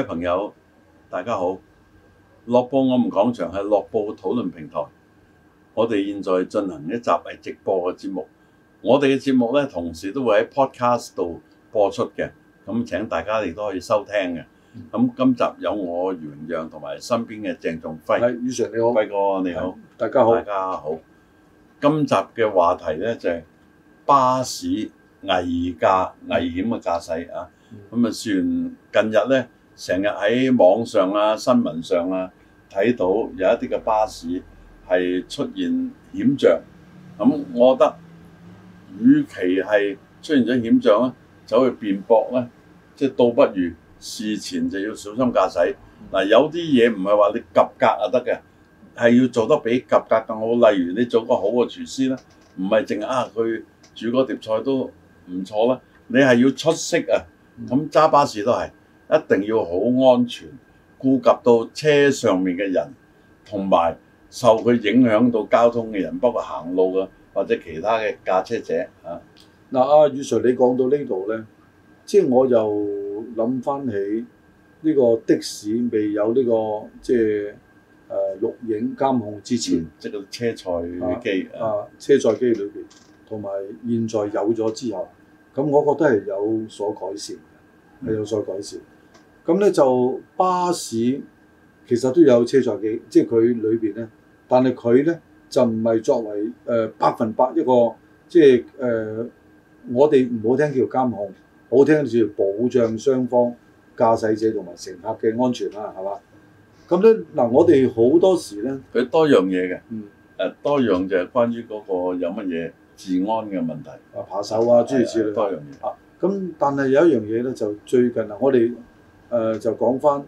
各位朋友，大家好！《樂報我們講場》係樂報討論平台，我哋現在進行一集係直播嘅節目。我哋嘅節目咧，同時都會喺 Podcast 度播出嘅，咁請大家亦都可以收聽嘅。咁今集有我袁讓同埋身邊嘅鄭仲輝。係，袁 Sir 你好，輝哥你好，大家好，大家好。今集嘅話題咧就係、是、巴士危駕、嗯、危險嘅駕駛啊。咁啊，就算近日咧。成日喺網上啊、新聞上啊睇到有一啲嘅巴士係出現險象，咁我覺得，與其係出現咗險象咧，走去辯駁咧，即係倒不如事前就要小心駕駛。嗱，有啲嘢唔係話你及格就得嘅，係要做得比及格更好。例如你做個好嘅廚師咧，唔係淨係啊佢煮嗰碟菜都唔錯啦，你係要出色啊。咁揸巴士都係。一定要好安全，顧及到車上面嘅人，同埋受佢影響到交通嘅人，包括行路啊，或者其他嘅駕車者嚇。嗱，阿、啊、雨 Sir，你講到呢度呢，即、就、係、是、我又諗翻起呢個的士未有呢、這個即係誒錄影監控之前，即係、嗯就是、車載機啊，啊，車載機裏邊，同埋現在有咗之後，咁我覺得係有所改善嘅，係、嗯、有所改善。咁咧就巴士其實都有車載機即係佢裏面咧。但係佢咧就唔係作為誒、呃、百分百一個，即係誒、呃、我哋唔好聽叫做監控，好聽叫保障雙方駕駛者同埋乘客嘅安全啦，係嘛？咁咧嗱，我哋好多時咧，佢多樣嘢嘅，嗯、呃，多樣就係關於嗰個有乜嘢治安嘅問題，啊扒手啊諸如此類，多樣嘢。咁但係有一樣嘢咧，就最近啊，我哋。誒、呃、就講翻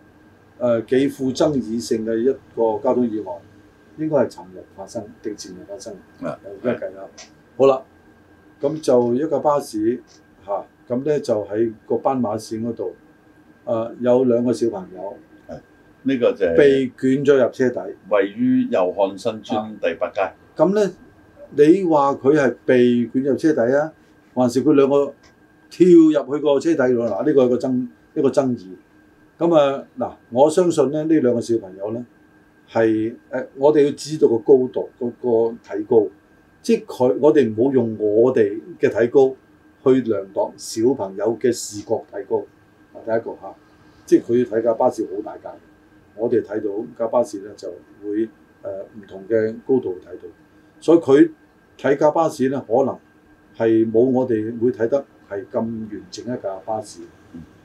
誒幾富爭議性嘅一個交通意外，應該係尋日發生，定前日發生，有咩的計的好啦，咁就一個巴士咁咧、啊、就喺個斑馬線嗰度，誒、啊、有兩個小朋友，呢、這個就係被捲咗入車底，位於祐漢新村第八街。咁咧、啊，你話佢係被捲入車底啊，還是佢兩個跳入去個車底㗎？嗱、啊，呢、這個係個爭一個爭議。咁啊嗱，我相信咧，呢呢兩個小朋友咧係誒，我哋要知道個高度、個個體高，即係佢，我哋唔好用我哋嘅體高去量度小朋友嘅視覺體高。啊，第一個嚇，即係佢睇架巴士好大架，我哋睇到架巴士咧就會誒唔、呃、同嘅高度睇到，所以佢睇架巴士咧，可能係冇我哋會睇得係咁完整一架巴士。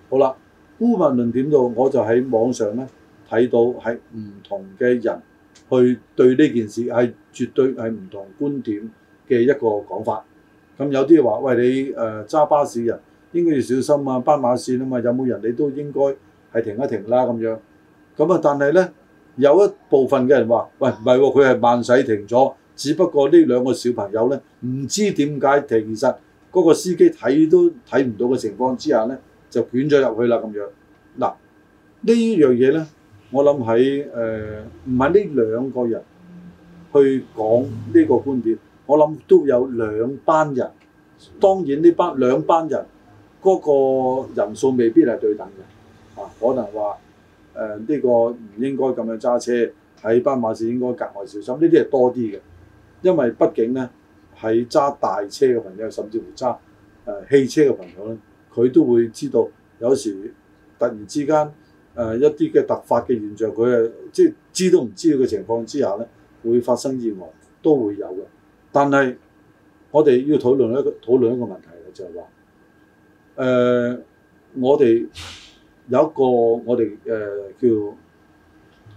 好啦。孤聞論點到，我就喺網上咧睇到係唔同嘅人去對呢件事係絕對係唔同觀點嘅一個講法。咁有啲話：喂，你誒揸、呃、巴士人應該要小心啊，斑馬線啊嘛，有冇人你都應該係停一停啦、啊、咁樣。咁啊，但係咧有一部分嘅人話：喂，唔係喎，佢係慢駛停咗，只不過呢兩個小朋友咧唔知點解停實嗰、嗰個司機睇都睇唔到嘅情況之下咧。就捲咗入去啦咁樣。嗱，呢樣嘢呢，我諗喺誒唔係呢兩個人去講呢個觀點，我諗都有兩班人。當然呢班兩班人嗰個人數未必係對等嘅，啊可能話誒呢個唔應該咁樣揸車，喺斑馬線應該格外小心。呢啲係多啲嘅，因為畢竟呢係揸大車嘅朋友，甚至乎揸誒汽車嘅朋友呢佢都會知道，有時突然之間誒、呃、一啲嘅突發嘅現象，佢誒即係知都唔知嘅情況之下呢，會發生意外都會有嘅。但係我哋要討論一個討論一個問題，就係話誒我哋有一個我哋誒、呃、叫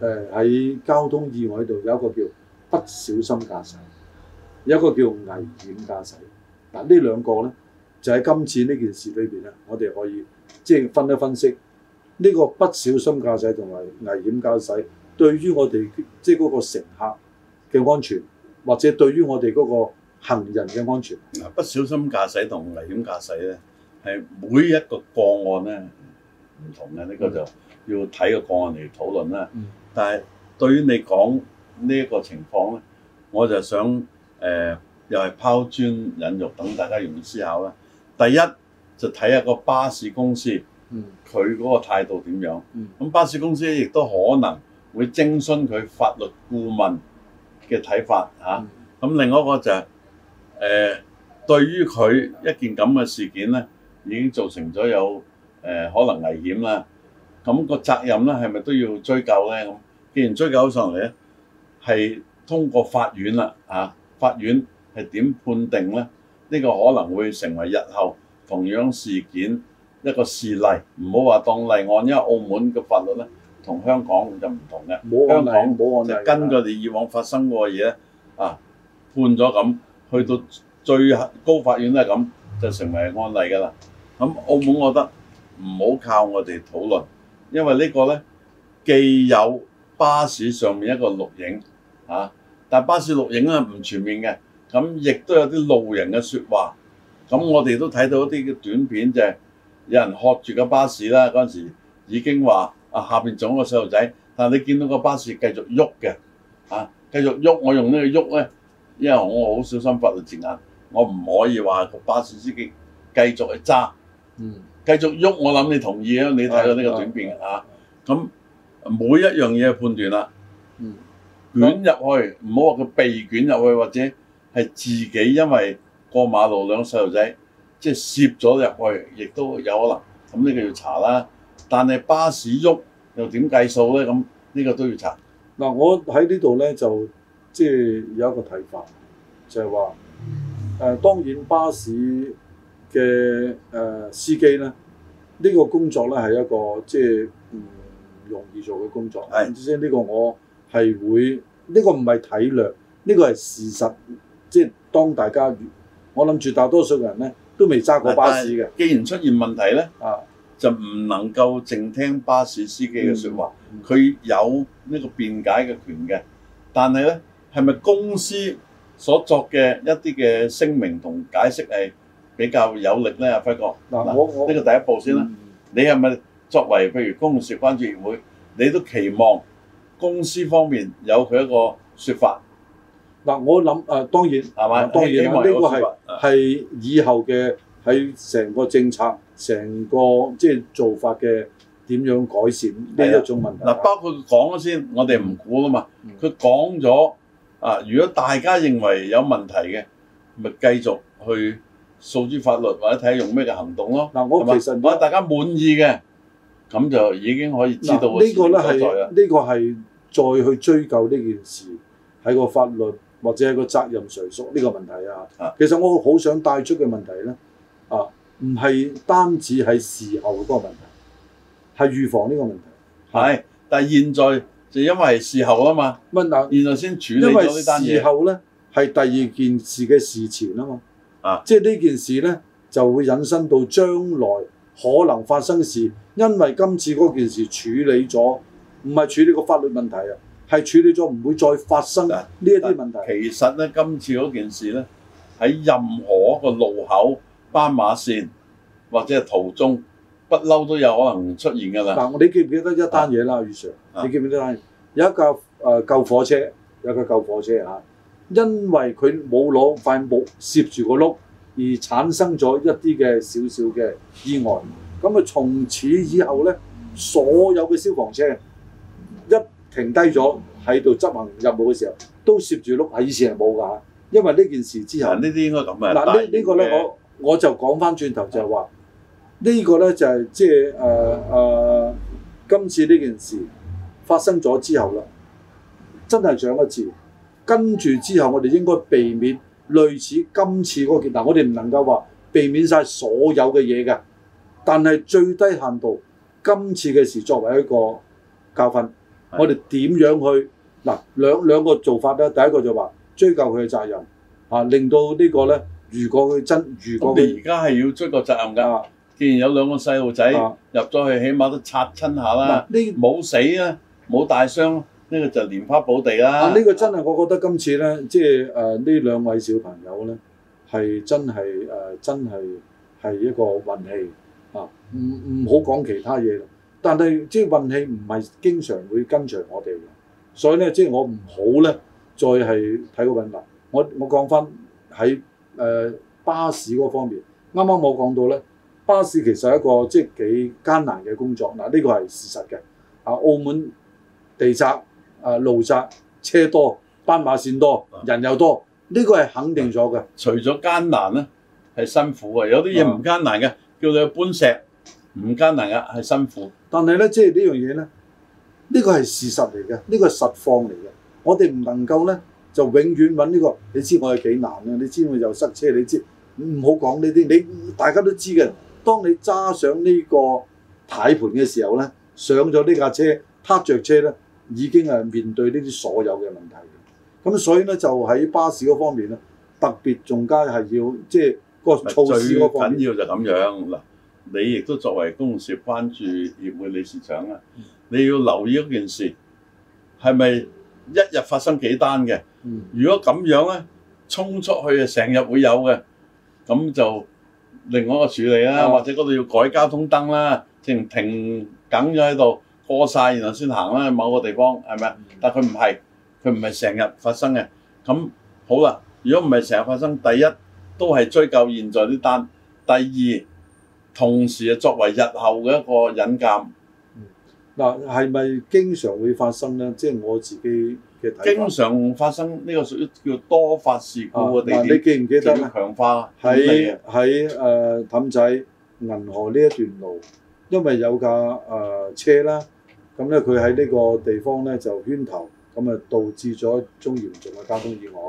誒喺、呃、交通意外度有一個叫不小心駕駛，有一個叫危險駕駛。但呢兩個呢。就喺今次呢件事裏邊咧，我哋可以即係、就是、分一分析呢、這個不小心駕駛同埋危險駕駛，對於我哋即係嗰個乘客嘅安全，或者對於我哋嗰個行人嘅安全。啊，不小心駕駛同危險駕駛咧，係每一個個案咧唔同嘅，呢個、嗯、就要睇個個案嚟討論啦。嗯、但係對於你講呢一個情況咧，我就想誒、呃、又係拋磚引玉，等大家容易思考啦。第一就睇下個巴士公司，佢嗰個態度點樣。咁巴士公司亦都可能會徵詢佢法律顧問嘅睇法嚇。咁、嗯啊、另外一個就係、是、誒、呃，對於佢一件咁嘅事件咧，已經造成咗有誒、呃、可能危險啦。咁、個責任咧係咪都要追究咧？咁既然追究上嚟咧，係通過法院啦嚇、啊。法院係點判定咧？呢個可能會成為日後同樣事件一個事例，唔好話當例案，因為澳門嘅法律呢同香港就唔同嘅。香港，香港就根據你以往發生過嘅嘢啊判咗咁，去到最高法院呢，係咁，就成為案例㗎啦。咁、嗯、澳門我覺得唔好靠我哋討論，因為呢個呢既有巴士上面一個錄影嚇、啊，但巴士錄影啊唔全面嘅。咁亦都有啲路人嘅說話，咁我哋都睇到一啲嘅短片，就係有人學住個巴士啦。嗰陣時已經話啊，下面仲有個細路仔，但係你見到個巴士繼續喐嘅啊，繼續喐。我用個呢個喐咧，因為我好小心法律字眼，我唔可以話個巴士司機繼續去揸，嗯，繼續喐。我諗你同意啊，你睇到呢個短片吓，咁，啊，每一樣嘢判斷啦，嗯，捲入去，唔好話佢被捲入去或者。係自己因為過馬路兩細路仔即係攝咗入去，亦都有可能。咁呢個要查啦。但係巴士喐又點計數咧？咁呢個都要查。嗱，我喺呢度咧就即係有一個睇法，就係話誒，當然巴士嘅誒司機咧，呢個工作咧係一個即係唔容易做嘅工作。係，即呢個我係會呢個唔係體諒，呢個係事實。即係當大家，我諗住大多數人咧都未揸過巴士嘅。既然出現問題咧，啊，就唔能夠淨聽巴士司機嘅説話，佢、嗯、有呢個辯解嘅權嘅。但係咧，係咪公司所作嘅一啲嘅聲明同解釋係比較有力咧？阿輝哥，嗱、啊，我我呢個第一步先啦。嗯、你係咪作為譬如公共事關注協會，你都期望公司方面有佢一個説法？嗱、啊，我諗誒、啊，當然，吧啊、當然呢個係係是以後嘅喺成個政策、成個即係、就是、做法嘅點樣改善，呢一種問題？嗱的、啊，包括講咗先，我哋唔估啊嘛。佢講咗啊，如果大家認為有問題嘅，咪繼續去訴諸法律或者睇下用咩嘅行動咯。嗱、啊，我其實我大家滿意嘅，咁、啊、就已經可以知道呢、啊這個咧係呢個係再去追究呢件事，喺個法律。或者係個責任誰屬呢個問題啊？其實我好想帶出嘅問題呢，啊，唔係單止係事後嗰個問題，係預防呢個問題。係，但係現在就因為事後啊嘛，咪嗱，現在先處理事因為事後呢因事係第二件事嘅事前啊嘛，啊，即係呢件事呢，就會引申到將來可能發生事，因為今次嗰件事處理咗，唔係處理個法律問題啊。係處理咗，唔會再發生呢一啲問題。其實咧，今次嗰件事咧，喺任何一個路口、斑馬線或者係途中，不嬲都有可能出現㗎啦。嗱，你記唔記得一單嘢啦，雨、啊？Sir, 你記唔記得、啊、有一架誒救火車，有架救火車嚇、啊，因為佢冇攞塊木攝住個轆，而產生咗一啲嘅小小嘅意外。咁啊，從此以後咧，所有嘅消防車，停低咗喺度執行任務嘅時候，都攝住碌，喺以前係冇㗎。因為呢件事之後，這個、呢啲應該咁嘅。嗱、呃，呢呢個咧，我我就講翻轉頭就係話、嗯、呢個咧，就係即係誒誒，今次呢件事發生咗之後啦，真係上一次，跟住之後，我哋應該避免類似今次嗰、嗰個但、呃、我哋唔能夠話避免晒所有嘅嘢㗎，但係最低限度，今次嘅事作為一個教訓。我哋點樣去嗱？兩兩個做法咧，第一個就話追究佢嘅責任啊，令到個呢個咧，如果佢真，如果佢而家係要追個責任㗎，啊、既然有兩個細路仔入咗去，起碼都拆親下啦，冇、啊、死啊，冇大傷、啊，呢、這個就蓮花寶地啦、啊。呢、啊這個真係我覺得今次咧，即係呢兩位小朋友咧，係真係、呃、真係係一個運氣啊，唔唔好講其他嘢但係即係運氣唔係經常會跟隨我哋，所以咧，即係我唔好咧，再係睇個問題。我我講翻喺呃、巴士嗰方面，啱啱我講到咧，巴士其實係一個即係幾艱難嘅工作。嗱，呢個係事實嘅。啊，澳門地窄，啊、呃、路窄，車多，斑馬線多，人又多，呢個係肯定咗嘅。除咗艱難咧，係辛苦嘅。有啲嘢唔艱難嘅，的叫你搬石。唔艱難噶，係、啊、辛苦。但係咧，即、就、係、是、呢樣嘢咧，呢、這個係事實嚟嘅，呢、這個是實況嚟嘅。我哋唔能夠咧，就永遠揾呢個。你知我係幾難咧、啊？你知我又塞車，你知唔好講呢啲。你大家都知嘅。當你揸上呢個軚盤嘅時候咧，上咗呢架車，撻着車咧，已經係面對呢啲所有嘅問題。咁所以咧，就喺巴士嗰方面咧，特別仲加係要即係個措施嗰方面。最緊要就咁樣嗱。你亦都作為公共事業關注協會理事長啊！你要留意一件事，係咪一日發生幾單嘅？如果咁樣咧，衝出去啊，成日會有嘅，咁就另外一個處理啦，或者嗰度要改交通燈啦，定停緊咗喺度過曬然後先行啦，某個地方係咪啊？但佢唔係，佢唔係成日發生嘅。咁好啦，如果唔係成日發生，第一都係追究現在啲單，第二。同時啊，作為日後嘅一個引鑑。嗱、嗯，係咪經常會發生呢？即、就、係、是、我自己嘅睇法。經常發生呢個屬於叫多發事故嘅地、啊啊、你記唔記得強化喺喺誒氹仔銀河呢一段路，因為有架誒、呃、車啦，咁咧佢喺呢個地方咧就圈頭，咁啊導致咗一宗嚴重嘅交通意外。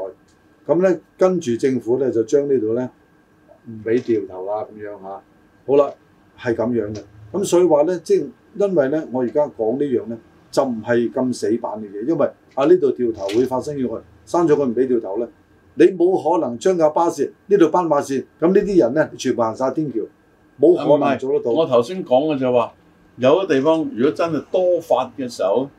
咁咧跟住政府咧就將呢度咧唔俾掉頭啦、啊，咁樣嚇、啊。好啦，係咁樣嘅，咁所以話咧，即係因為咧，我而家講呢樣咧，就唔係咁死板嘅嘢，因為，因為啊呢度掉頭會發生意外，刪咗佢唔俾掉頭咧，你冇可能將架巴士這裏巴這呢度斑馬線，咁呢啲人咧全部行晒天橋，冇可能做得到。嗯、我頭先講嘅就係話，有啲地方如果真係多發嘅時候，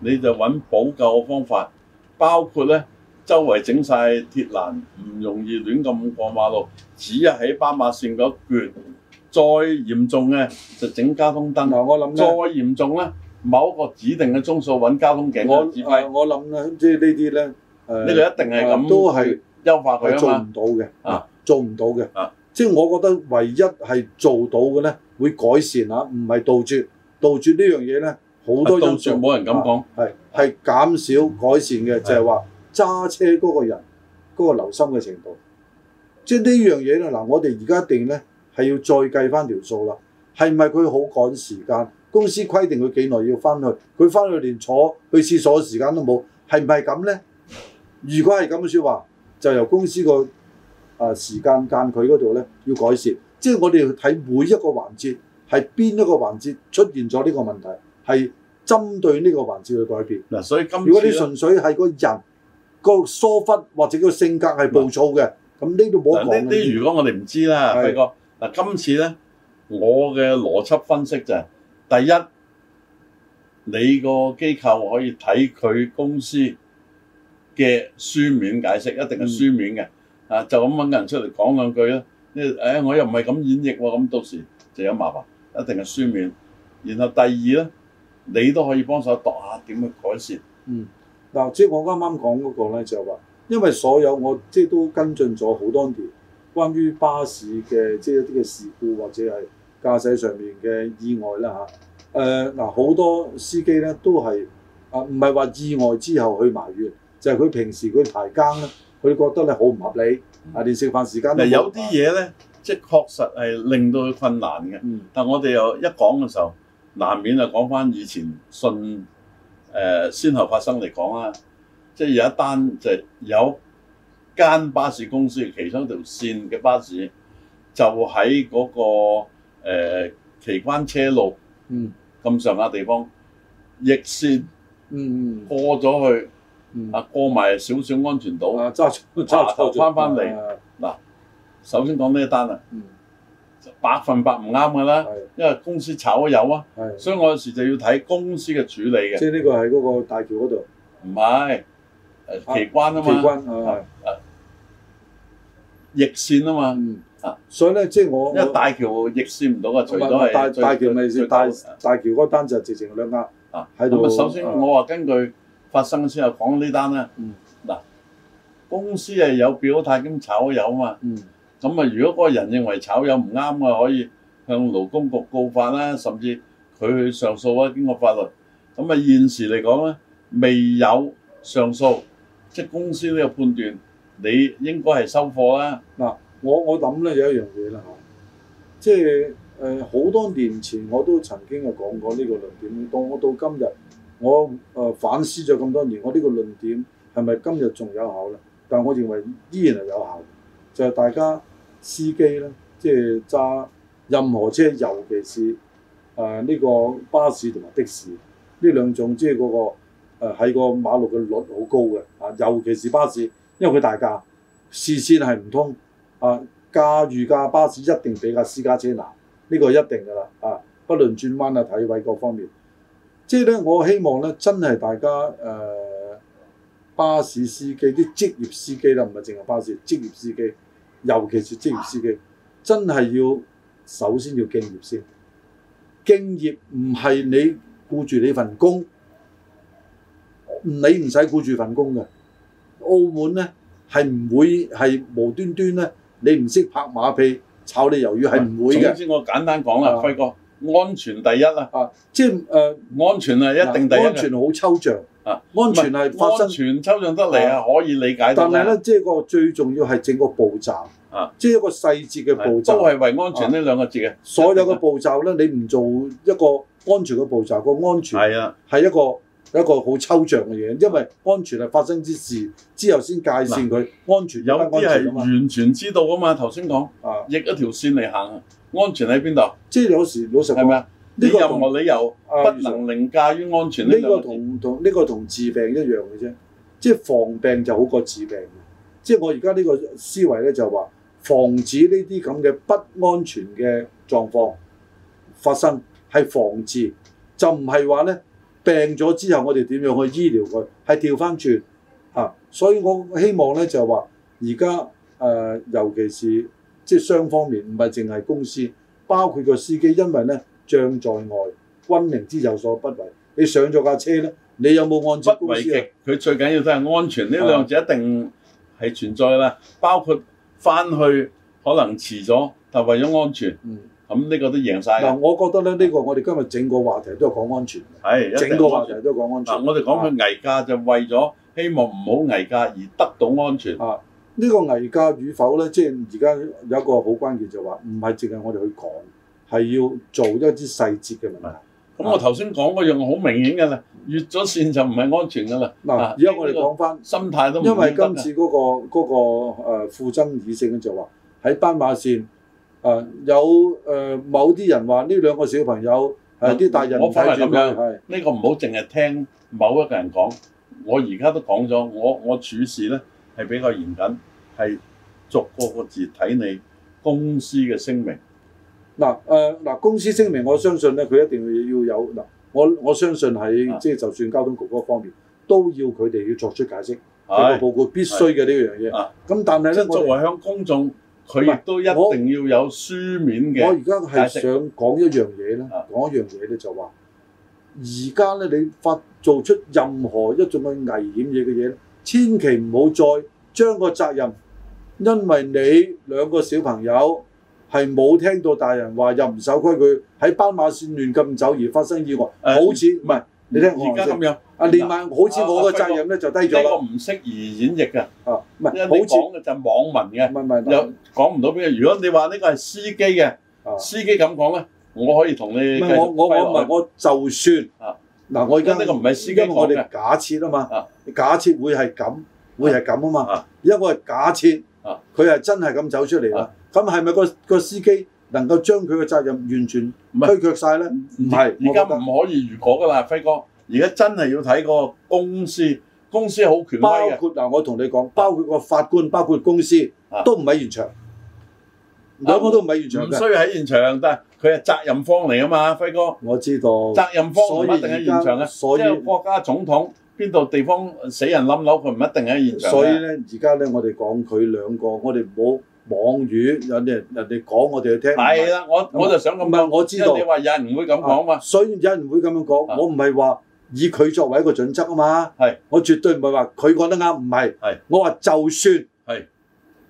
你就揾補救方法，包括咧周圍整晒鐵欄，唔容易亂咁過馬路，只喺斑馬線嗰一段。再嚴重嘅就整交通燈，嗯、我諗再嚴重咧，某一個指定嘅鐘數揾交通警察執我我諗咧，即係呢啲咧，誒、呃，呢個一定係咁、呃，都係優化佢做唔到嘅，啊，做唔到嘅，啊，即係我覺得唯一係做到嘅咧，會改善下，唔係杜絕，杜絕這件事呢樣嘢咧，好多因素冇人敢講，係係、啊、減少改善嘅，嗯、就係話揸車嗰個人嗰、嗰個留心嘅程，的、嗰個、程度。即係呢樣嘢咧，嗱，我哋而家一定咧。係要再計翻條數啦，係咪？佢好趕時間，公司規定佢幾耐要翻去，佢翻去連坐去廁所時間都冇，係唔係咁咧？如果係咁嘅説話，就由公司個啊時間間距嗰度咧要改善，即係我哋要睇每一個環節係邊一個環節出現咗呢個問題，係針對呢個環節去改變嗱。所以今，如果你純粹係個人個疏忽或者個性格係暴躁嘅，咁呢度冇講。呢啲如果我哋唔知啦，輝哥嗱，今次咧，我嘅邏輯分析就係、是、第一，你個機構可以睇佢公司嘅書面解釋，一定係書面嘅，啊、嗯，就咁揾個人出嚟講兩句咯。呢、哎，我又唔係咁演繹喎，咁到時就有麻煩，一定係書面。然後第二咧，你都可以幫手度下點去改善。嗯，嗱，即係我啱啱講嗰個咧，就係話，因為所有我即係都跟進咗好多年。關於巴士嘅即係一啲嘅事故或者係駕駛上面嘅意外啦嚇，誒嗱，好多司機咧，都係啊，唔係話意外之後去埋怨，就係、是、佢平時佢排更咧，佢覺得咧好唔合理，你食飯時間嗱，有啲嘢咧，即係確實係令到佢困難嘅。嗯、但我哋又一講嘅時候，難免啊講翻以前信誒、呃、先後發生嚟講啊，即係有一單就係有。間巴士公司其中一條線嘅巴士就喺嗰個誒岐關車路，嗯，咁上下地方逆線，嗯嗯，過咗去，啊過埋少少安全島，啊揸住揸翻翻嚟，嗱，首先講呢一單啦，百分百唔啱㗎啦，因為公司炒咗魷啊，所以我有時就要睇公司嘅處理嘅，即係呢個係嗰個大橋嗰度，唔係，誒岐關啊嘛，岐關逆線啊嘛，嗯、啊所以咧即係我，因為大橋逆線唔到嘅，嗯、除咗係大橋咪大橋嗰單就直情兩壓。咁啊，啊啊首先我話根據發生先後講呢單啦。嗱，公司係有表態咁炒魷啊嘛。咁啊、嗯，如，如果嗰個人認為炒魷唔啱嘅，可以向勞工局告發啦，甚至佢去上訴啦，經過法律。咁啊，現時嚟講咧，未有上訴，即係公司都有判斷。你應該係收貨啊。嗱，我我諗咧有一樣嘢啦，即係誒好多年前我都曾經係講過呢個論點。當我到今日，我、呃、反思咗咁多年，我呢個論點係咪今日仲有效咧？但係我認為依然係有效就係、是、大家司機咧，即係揸任何車，尤其是誒呢、呃個巴士同埋的士呢兩種，即係嗰個喺、呃、個馬路嘅率好高嘅啊、呃，尤其是巴士。因為佢大架視線係唔通啊！駕馭架巴士一定比架私家車難，呢、這個一定噶啦啊！不論轉彎啊、體位各方面，即係咧，我希望咧，真係大家誒、呃、巴士司機啲職業司機啦，唔係淨係巴士職業司機，尤其是職業司機，真係要首先要敬業先，敬業唔係你顧住你份工，你唔使顧住份工嘅。澳門咧係唔會係無端端咧，你唔識拍馬屁炒你魷魚係唔會嘅。總之我簡單講啦，輝哥，安全第一啦。啊，即係誒，安全係一定第一。安全好抽象。啊，安全係發生。安全抽象得嚟係可以理解，但係咧，即係個最重要係整個步驟。啊，即係一個細節嘅步驟。都係為安全呢兩個字嘅。所有嘅步驟咧，你唔做一個安全嘅步驟，個安全係一個。一個好抽象嘅嘢，因為安全係發生之事之後先界線佢安全，是安全的有咩係完全知道噶嘛？頭先講啊，逆一條線嚟行，安全喺邊度？即係有時老實講，你任何理由不能凌駕於安全呢、啊？呢個同同呢個同、這個、治病一樣嘅啫，即係防病就好過治病。即係我而家呢個思維咧，就係話防止呢啲咁嘅不安全嘅狀況發生係防治，就唔係話咧。病咗之後，我哋點樣去醫療佢？係調翻轉嚇，所以我希望咧就話，而家誒，尤其是即係雙方面，唔係淨係公司，包括個司機，因為咧將在外，君命之有所不為。你上咗架車咧，你有冇安全？不畏極，佢最緊要都係安全呢兩字一定係存在啦。啊、包括翻去可能遲咗，但係為咗安全，嗯。咁呢個都贏晒。嗱，我覺得咧呢、這個我哋今日整個話題都係講安全嘅，是整個話題都講安全。我哋講嘅危駕就為咗希望唔好危駕而得到安全。啊，呢、啊這個危駕與否咧，即係而家有一個好關鍵就話，唔係淨係我哋去講，係要做一啲細節嘅問題。咁我頭先講嗰樣好明顯㗎啦，越咗線就唔係安全㗎啦。嗱，而家我哋講翻心態都因為今次嗰、那個嗰、那個誒負爭議性就話喺斑馬線。誒、啊、有誒、呃、某啲人話呢兩個小朋友係啲、啊啊、大人睇住我，係呢是個唔好淨係聽某一個人講。我而家都講咗，我我處事咧係比較嚴謹，係逐個個字睇你公司嘅聲明。嗱誒嗱，公司聲明我相信一定要有、啊我，我相信咧佢一定要有嗱，我我相信喺即係就算交通局嗰方面、啊、都要佢哋要作出解釋嘅、哎、報告，必須嘅、啊啊、呢樣嘢。咁但係咧作為向公眾佢亦都一定要有書面嘅。我而家係想講一樣嘢咧，講、啊、一樣嘢咧就話、是，而家咧你發做出任何一種嘅危險嘢嘅嘢咧，千祈唔好再將個責任，因為你兩個小朋友係冇聽到大人話，又唔守規矩喺斑馬線亂咁走而發生意外，啊、好似唔係。你聽而家咁樣，阿李萬好似我個責任咧就低咗、啊、我唔適宜演繹嘅，唔係，好似講嘅就網民嘅，唔係唔係又講唔到邊，如果你話呢個係司機嘅，啊、司機咁講咧，我可以同你我。我我唔係，我就算嗱，啊啊、我而家呢個唔係司機，我哋假設啊嘛，假設會係咁，會係咁啊嘛，而家我係假設佢係真係咁走出嚟啦，咁係咪個個司機？能夠將佢嘅責任完全推卻晒咧？唔係，而家唔可以如果噶啦，輝哥。而家真係要睇個公司，公司好權威嘅。包括嗱，我同你講，包括個法官，包括公司都唔喺現場，兩個都唔喺現場。唔需要喺現場，但係佢係責任方嚟啊嘛，輝哥。我知道。責任方唔一定喺現場嘅，所以國家總統邊度地方死人冧樓，佢唔一定喺現場。所以咧，而家咧，我哋講佢兩個，我哋唔好。網語有啲人人哋講我哋去聽係啦，我我就想咁樣，我知道因為你話有人唔會咁講嘛，所以有人會咁樣講。我唔係話以佢作為一個準則啊嘛，係我絕對唔係話佢講得啱，唔係係我話就算係，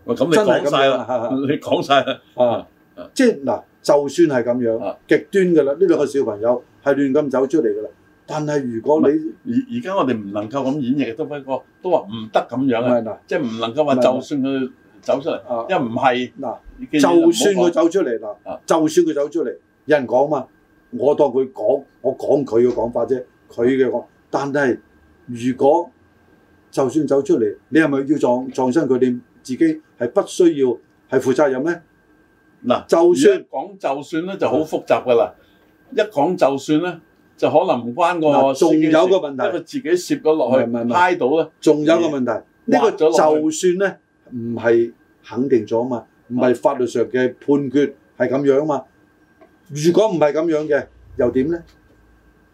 我咁你講晒啦，你講晒啊，即係嗱，就算係咁樣極端㗎啦，呢兩個小朋友係亂咁走出嚟㗎啦。但係如果你而而家我哋唔能夠咁演繹，都不過都話唔得咁樣啊，即係唔能夠話就算佢。走出嚟，因為唔係嗱，就算佢走出嚟啦，就算佢走出嚟，有人講嘛，我當佢講，我講佢嘅講法啫，佢嘅講。但係如果就算走出嚟，你係咪要撞撞傷佢哋自己？係不需要係負責任咧？嗱，就算講就算咧，就好複雜噶啦。一講就算咧，就可能唔關個仲有個問題，佢自己攝咗落去，係咪？猜到啦。仲有個問題，呢個就算咧。唔係肯定咗嘛？唔係法律上嘅判決係咁樣嘛？如果唔係咁樣嘅，又點咧？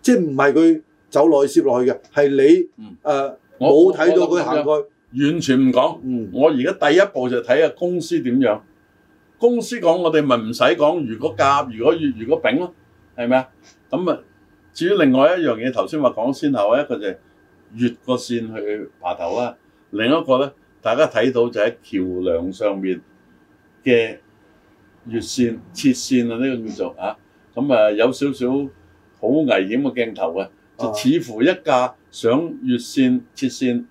即係唔係佢走內涉落去嘅？係你誒冇睇到佢行過去，完全唔講。嗯，我而家第一步就睇下公司點樣。公司講我哋咪唔使講。如果甲，如果乙，如果丙咯，係咪啊？咁啊，至於另外一樣嘢，頭先話講先後咧，一個就係越過線去爬頭啦。另一個咧。大家睇到就喺橋梁上面嘅越線切線啊，呢、呢個叫做啊，咁啊有少少好危險嘅鏡頭嘅、啊，就似乎一架想越線切線，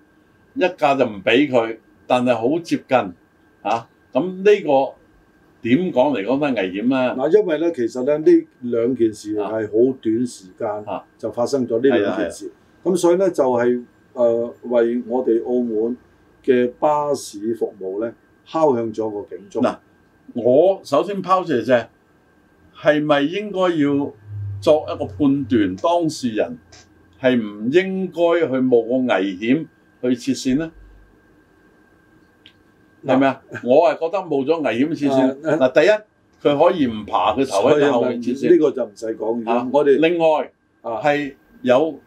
一架就唔俾佢，但係好接近啊。咁呢個點講嚟講都係危險啦、啊。嗱，因為咧，其實咧呢呢兩件事係好短時間就發生咗呢兩件事，咁、啊啊啊啊、所以咧就係、係、誒、呃、為我哋澳門。嘅巴士服務咧，敲響咗個警鐘。嗱，我首先拋出嚟啫，係咪應該要作一個判斷？當事人係唔應該去冒個危險去切線咧？係咪啊？我係覺得冒咗危險切線。嗱，第一佢可以唔爬佢頭，喺後邊切線。呢個就唔使講。啊，我哋另外係有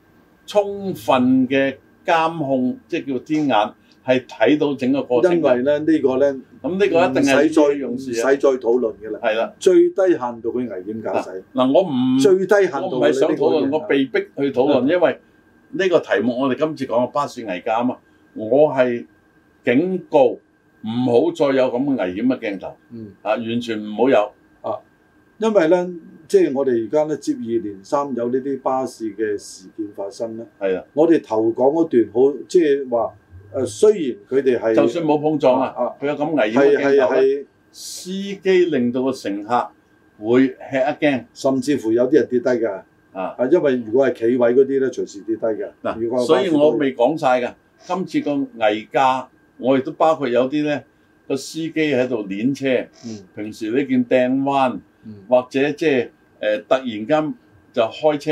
充分嘅監控，即係叫天眼。係睇到整個過程，因為咧呢個咧，咁呢個一定係唔使再用再，唔使再討論嘅啦。係啦，最低限度去危險駕駛。嗱、啊，我唔最低限度我不，我唔係想討論，我被逼去討論，的因為呢個題目我哋今次講嘅巴士危駕啊嘛。我係警告，唔好再有咁嘅危險嘅鏡頭。嗯。啊，完全唔好有啊，因為咧，即係我哋而家咧接二連三有呢啲巴士嘅事件發生咧。係啊的。我哋頭講嗰段好，即係話。誒雖然佢哋係，就算冇碰撞啊，佢有咁危險嘅。係係係，司機令到個乘客會吃一驚，甚至乎有啲人跌低㗎。啊，因為如果係企位嗰啲咧，隨時跌低㗎。嗱、啊，所以、啊、我未講晒㗎。今次個危駕，我亦都包括有啲咧，個司機喺度練車。嗯、平時呢件掟彎，嗯、或者即係誒突然間就開車，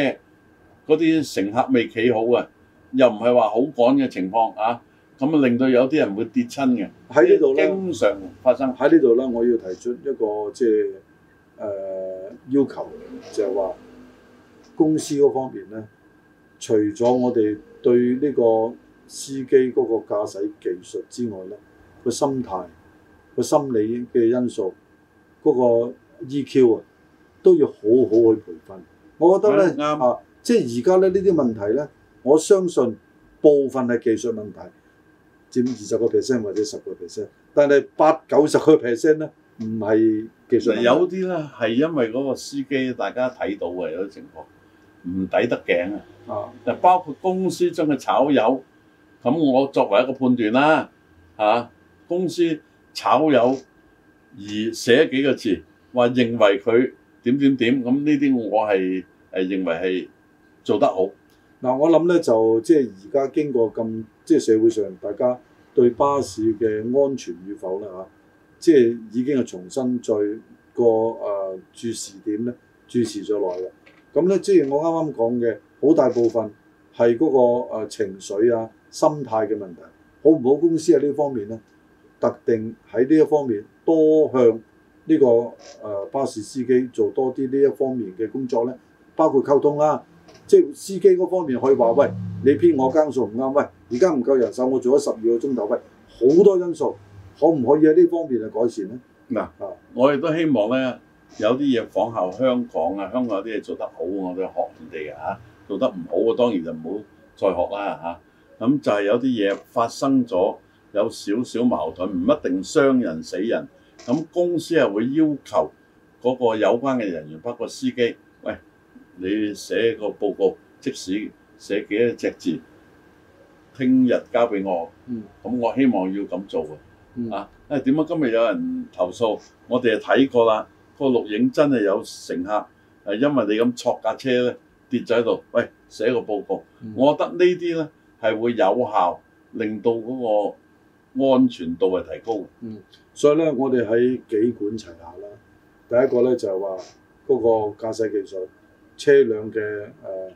嗰啲乘客未企好不是說很的啊，又唔係話好趕嘅情況啊。咁啊，令到有啲人會跌親嘅喺呢度咧，經常發生喺呢度咧。我要提出一個即係誒要求，就係話公司嗰方面咧，除咗我哋對呢個司機嗰個駕駛技術之外咧，個心態、個心理嘅因素、嗰個 E.Q. 啊，都要好好去培訓，我覺得咧對啊，即係而家咧呢啲問題咧，我相信部分係技術問題。佔二十個 percent 或者十個 percent，但係八九十個 percent 咧，唔係技術。其實有啲咧係因為嗰個司機，大家睇到嘅有啲情況，唔抵得頸啊！啊，嗱，包括公司將佢炒魷，咁我作為一個判斷啦、啊，嚇、啊、公司炒魷而寫幾個字，話認為佢點點點，咁呢啲我係誒認為係做得好。嗱、啊，我諗咧就即係而家經過咁，即係社會上大家。對巴士嘅安全與否呢？啊、即係已經係重新再個誒、呃、注視點咧，注視咗耐喎。咁咧，即係我啱啱講嘅，好大部分係嗰、那個、呃、情緒啊、心態嘅問題，好唔好？公司喺呢方面咧，特定喺呢一方面多向呢、這個、呃、巴士司機做多啲呢一方面嘅工作咧，包括溝通啦、啊，即係司機嗰方面可以話，喂，你編我更數唔啱，喂。而家唔夠人手，我做咗十二個鐘頭，喂，好多因素，可唔可以喺呢方面去改善呢？嗱、嗯、我亦都希望呢，有啲嘢仿效香港啊，香港有啲嘢做得好，我哋學人哋嚇，做得唔好嘅當然就唔好再學啦嚇。咁、啊、就係有啲嘢發生咗，有少少矛盾，唔一定傷人死人。咁公司係會要求嗰個有關嘅人員，包括司機，喂，你寫個報告，即使寫幾多隻字。聽日交俾我，咁、嗯、我希望要咁做、嗯、啊！啊、哎，誒點解今日有人投訴？我哋係睇過啦，個錄影真係有乘客係因為你咁駙架車咧跌咗喺度。喂，寫個報告，嗯、我覺得呢啲咧係會有效令到嗰個安全度係提高。嗯，所以咧我哋喺幾管齊下啦。第一個咧就係話嗰個駕駛技術、車輛嘅誒。呃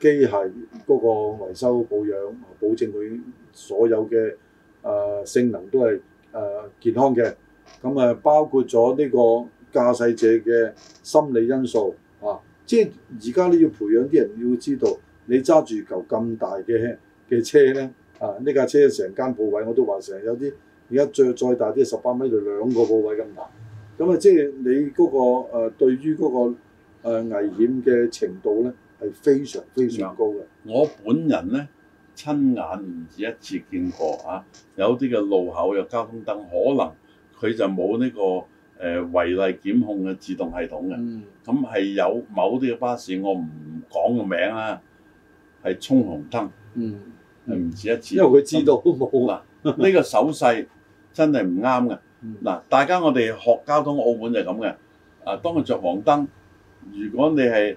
機械嗰個維修保養，保證佢所有嘅誒、呃、性能都係誒、呃、健康嘅。咁誒包括咗呢個駕駛者嘅心理因素啊，即係而家你要培養啲人要知道你，你揸住嚿咁大嘅嘅車咧啊，呢架車成間鋪位我都話成日有啲，而家再再大啲十八米就兩個鋪位咁大，咁啊即係你嗰、嗰個誒、呃、對於嗰個危險嘅程度咧，係非常非常高嘅、嗯。我本人咧親眼唔止一次見過啊，有啲嘅路口有交通燈，可能佢就冇呢、呢個誒違例檢控嘅自動系統嘅。嗯。咁係有某啲嘅巴士，我唔講個名啦，係衝紅燈。嗯。係唔止一次。因為佢知道冇那、嗯、啊。呢、呢個手勢真係唔啱嘅。嗱、嗯，大家我哋學交通，澳門就係咁嘅。啊，當佢着黃燈，如果你係。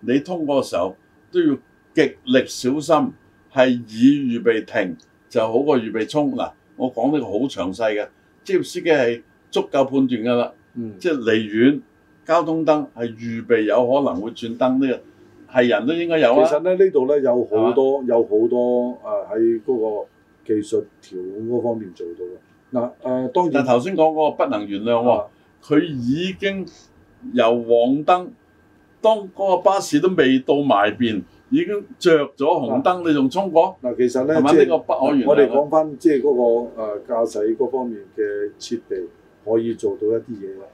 你通過嘅時候都要極力小心，係已預備停就好過預備衝嗱。我講呢個好詳細嘅，職業司機係足夠判斷㗎啦。嗯，即係離遠交通燈係預備有可能會轉燈呢個，係人都應該有啦。其實咧呢度咧有好多吧有好多啊喺嗰個技術調控嗰方面做到嘅嗱誒。當然頭先講嗰個不能原諒喎，佢吧已經由黃燈。當嗰個巴士都未到埋邊，已經着咗紅燈，啊、你仲衝過？嗱，其實咧，呢個不安全。我哋講翻即係嗰個誒駕駛嗰方面嘅設備，可以做到一啲嘢啦。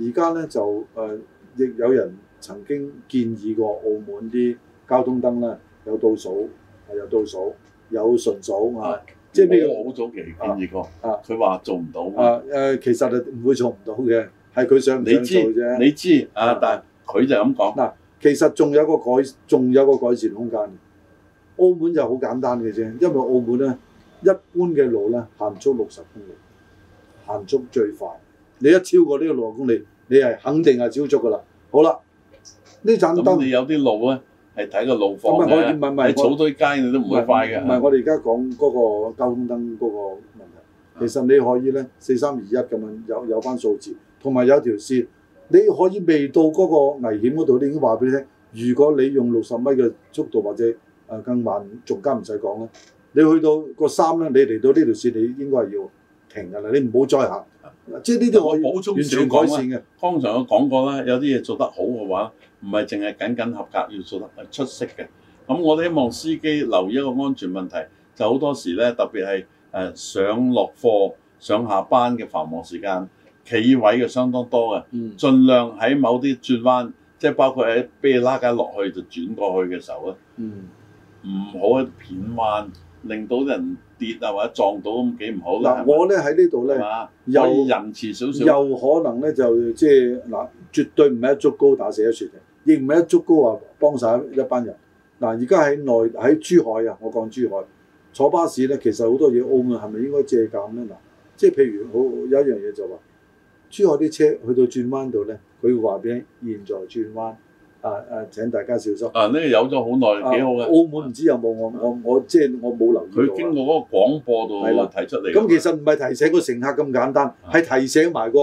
而家咧就誒、呃，亦有人曾經建議過澳門啲交通燈咧有倒數，係有倒數，有順數，有數，有數啊。即係邊個好早期建議過？啊，佢話做唔到的啊。啊誒，其實你唔會做唔到嘅，係佢想唔想做啫。你知啊，但、啊。佢就係咁講嗱，其實仲有個改，仲有個改善空間嘅。澳門就好簡單嘅啫，因為澳門咧，一般嘅路咧限速六十公里，限速最快。你一超過呢個六十公里，你係肯定係超速噶啦。好啦，呢盞燈咁你有啲路咧係睇個路況，喺草堆街你都唔會快嘅。唔係我哋而家講嗰個交通燈嗰個問題，其實你可以咧四三二一咁樣，有有翻數字，同埋有條線。你可以未到嗰個危險嗰度，你已經話俾你聽。如果你用六十米嘅速度或者誒更慢，仲加唔使講啦。你去到個三咧，你嚟到呢條線，你應該係要停㗎喇。你唔好再行，即係呢啲我完全改善嘅。剛才我，我講過啦，有啲嘢做得好嘅話，唔係淨係僅僅合格，要做得出色嘅。咁我哋希望司機留意一個安全問題，就好多時咧，特別係誒上落課、上下班嘅繁忙時間。企位嘅相當多嘅，盡量喺某啲轉彎，即係、嗯、包括喺俾利喇街落去就轉過去嘅時候咧，唔好偏彎，令到人跌啊或者撞到咁幾唔好啦。啊、吧我咧喺呢度咧，嘛，可以仁慈少少，又可能咧就即係嗱，絕對唔係一竹篙打死一船嘅，亦唔係一竹篙話幫晒一班人。嗱，而家喺內喺珠海啊，我講珠海坐巴士咧，其實好多嘢澳門係咪應該借鑑咧？嗱，即係譬如好有一樣嘢就話。珠海啲車去到轉彎度咧，佢會話俾現在轉彎啊啊！請大家小心啊！呢、這個、有咗好耐，幾好嘅。澳門唔知有冇、啊、我我我即係我冇、啊、留意。佢經過嗰個廣播度提出嚟。咁其實唔係提醒個乘客咁簡單，係、啊、提醒埋個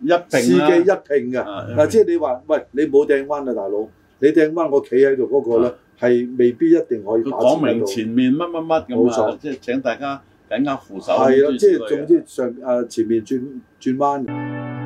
一並司機一並嘅嗱。即係你話喂，你冇掟彎啊，大佬！你掟彎我企喺度嗰個咧、嗰個，係、啊、未必一定可以。佢、啊、講明前面乜乜乜冇錯，即係錯請大家。緊握扶手，係咯、啊，即係總之上誒、呃，前面轉轉彎。